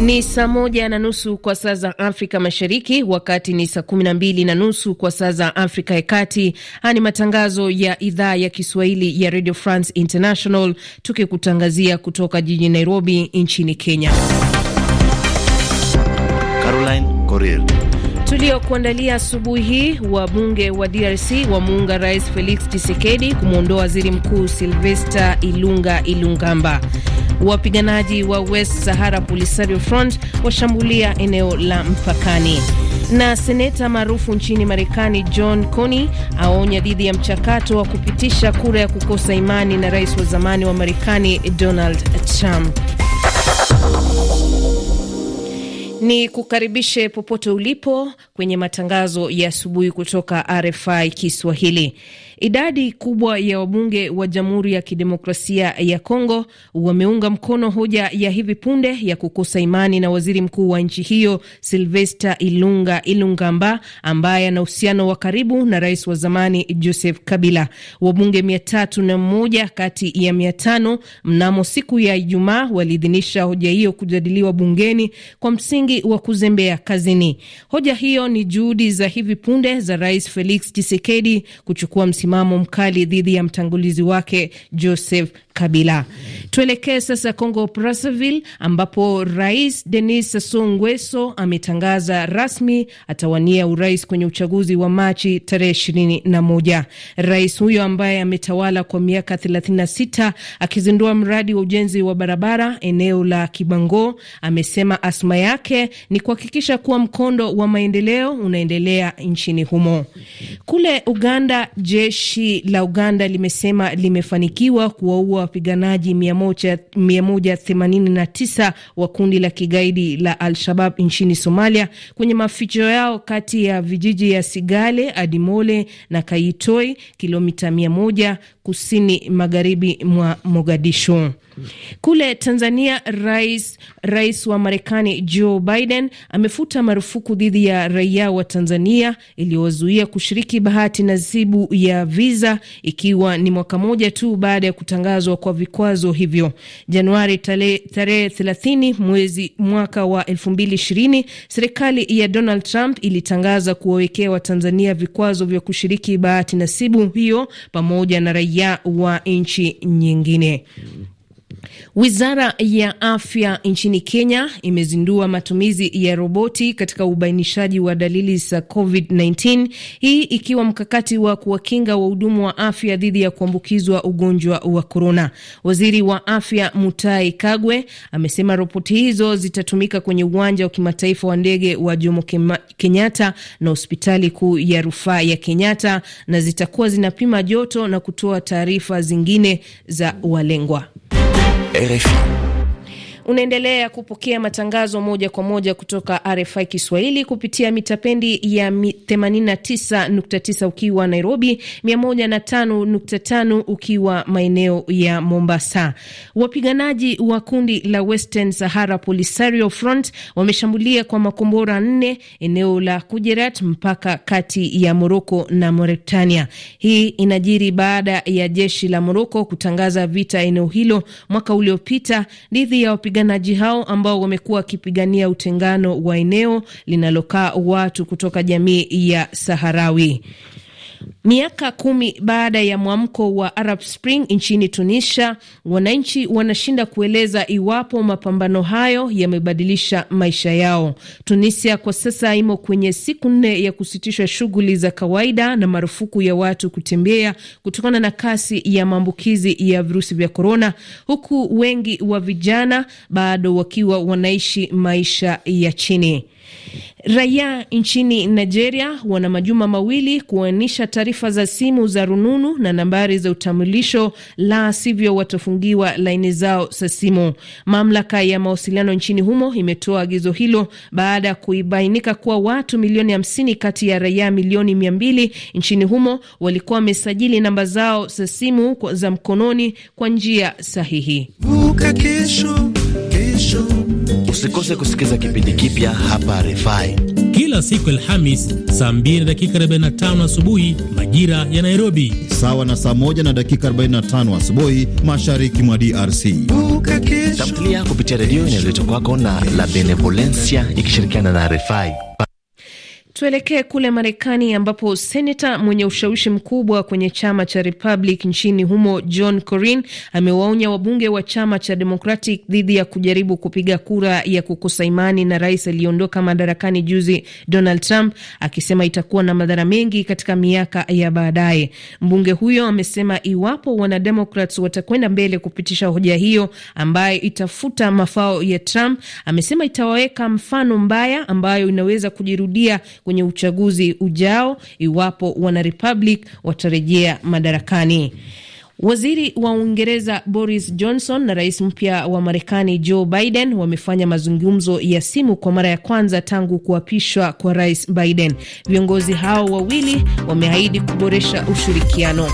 Ni saa moja na nusu kwa saa za Afrika Mashariki, wakati ni saa kumi na mbili na nusu kwa saa za Afrika ya Kati. Haya ni matangazo ya idhaa ya Kiswahili ya Radio France International, tukikutangazia kutoka jijini Nairobi nchini Kenya. Caroline Corrier Tuliokuandalia asubuhi hii: wabunge wa DRC wamuunga Rais Felix Tshisekedi kumwondoa waziri mkuu Silvesta Ilunga Ilungamba. Wapiganaji wa West Sahara Polisario Front washambulia eneo la mpakani. Na seneta maarufu nchini Marekani John Coney aonya dhidi ya mchakato wa kupitisha kura ya kukosa imani na rais wa zamani wa Marekani Donald Trump. Ni kukaribishe popote ulipo kwenye matangazo ya asubuhi kutoka RFI Kiswahili. Idadi kubwa ya wabunge wa Jamhuri ya Kidemokrasia ya Kongo wameunga mkono hoja ya hivi punde ya kukosa imani na waziri mkuu wa nchi hiyo Silvesta Ilunga Ilungamba ambaye ana uhusiano wa karibu na rais wa zamani Joseph Kabila. Wabunge mia tatu na mmoja kati ya mia tano mnamo siku ya Ijumaa waliidhinisha hoja hiyo kujadiliwa bungeni kwa msingi wa kuzembea kazini. Hoja hiyo ni juhudi za hivi punde za Rais Felix Tshisekedi kuchukua msimamo msimamo mkali dhidi ya mtangulizi wake Joseph Kabila. Tuelekee sasa Congo Brazzaville, ambapo Rais Denis Sassou Nguesso ametangaza rasmi atawania urais kwenye uchaguzi wa Machi tarehe ishirini na moja. Rais huyo ambaye ametawala kwa miaka 36 akizindua mradi wa ujenzi wa barabara eneo la Kibango amesema asma yake ni kuhakikisha kuwa mkondo wa maendeleo unaendelea nchini humo. Kule Uganda, jeshi la Uganda limesema limefanikiwa kuwaua wapiganaji 189 wa kundi la kigaidi la Al-Shabab nchini Somalia kwenye maficho yao kati ya vijiji ya Sigale, Adimole na Kaitoi, kilomita kusini magharibi mwa Mogadishu. Kule Tanzania, rais rais wa Marekani Joe Biden amefuta marufuku dhidi ya raia wa Tanzania iliyowazuia kushiriki bahati nasibu ya viza ikiwa ni mwaka moja tu baada ya kutangazwa kwa vikwazo hivyo. Januari tarehe 30 mwezi mwaka wa 2020 serikali ya Donald Trump ilitangaza kuwawekea Watanzania vikwazo vya kushiriki bahati nasibu hiyo pamoja na raia raia wa nchi nyingine. Wizara ya afya nchini Kenya imezindua matumizi ya roboti katika ubainishaji wa dalili za COVID-19, hii ikiwa mkakati wa kuwakinga wahudumu wa afya dhidi ya kuambukizwa ugonjwa wa korona. Waziri wa afya mutai Kagwe amesema roboti hizo zitatumika kwenye uwanja wa kimataifa wa ndege wa Jomo Kenyatta na hospitali kuu ya rufaa ya Kenyatta, na zitakuwa zinapima joto na kutoa taarifa zingine za walengwa. RFI. Unaendelea kupokea matangazo moja kwa moja kutoka RFI Kiswahili kupitia mitapendi ya 89.9 ukiwa Nairobi, 105.5 ukiwa maeneo ya Mombasa. Wapiganaji wa kundi la Western Sahara Polisario Front wameshambulia kwa makombora nne eneo la Kujerat, mpaka kati ya Moroko na Mauritania. Hii inajiri baada ya jeshi la Moroko kutangaza vita eneo hilo mwaka uliopita dhidi ya Wapiganaji hao ambao wamekuwa wakipigania utengano wa eneo linalokaa watu kutoka jamii ya Saharawi. Miaka kumi baada ya mwamko wa Arab Spring nchini Tunisia, wananchi wanashinda kueleza iwapo mapambano hayo yamebadilisha maisha yao. Tunisia kwa sasa imo kwenye siku nne ya kusitishwa shughuli za kawaida na marufuku ya watu kutembea kutokana na kasi ya maambukizi ya virusi vya korona, huku wengi wa vijana bado wakiwa wanaishi maisha ya chini. Raia nchini Nigeria wana majuma mawili kuanisha taarifa za simu za rununu na nambari za utambulisho, la sivyo watafungiwa laini zao za simu. Mamlaka ya mawasiliano nchini humo imetoa agizo hilo baada ya kuibainika kuwa watu milioni hamsini kati ya raia milioni mia mbili nchini humo walikuwa wamesajili namba zao za simu za mkononi kwa njia sahihi. kesho Usikose kusikiza kipindi kipya hapa RFI kila siku Alhamis saa 2 na dakika 45 asubuhi majira ya Nairobi, sawa na saa 1 na dakika 45 asubuhi mashariki mwa DRC. Tamthilia kupitia redio inayoletwa kwako na La Benevolencia ikishirikiana na RFI. Tuelekee kule Marekani ambapo senata mwenye ushawishi mkubwa kwenye chama cha Republic nchini humo John corin amewaonya wabunge wa chama cha Democratic dhidi ya kujaribu kupiga kura ya kukosa imani na rais aliyeondoka madarakani juzi Donald Trump, akisema itakuwa na madhara mengi katika miaka ya baadaye. Mbunge huyo amesema iwapo wanademokrats watakwenda mbele kupitisha hoja hiyo ambayo itafuta mafao ya Trump, amesema itawaweka mfano mbaya ambayo inaweza kujirudia kwenye uchaguzi ujao iwapo wanarepublic watarejea madarakani. Waziri wa Uingereza Boris Johnson na rais mpya wa Marekani Joe Biden wamefanya mazungumzo ya simu kwa mara ya kwanza tangu kuapishwa kwa rais Biden. Viongozi hao wawili wameahidi kuboresha ushirikiano.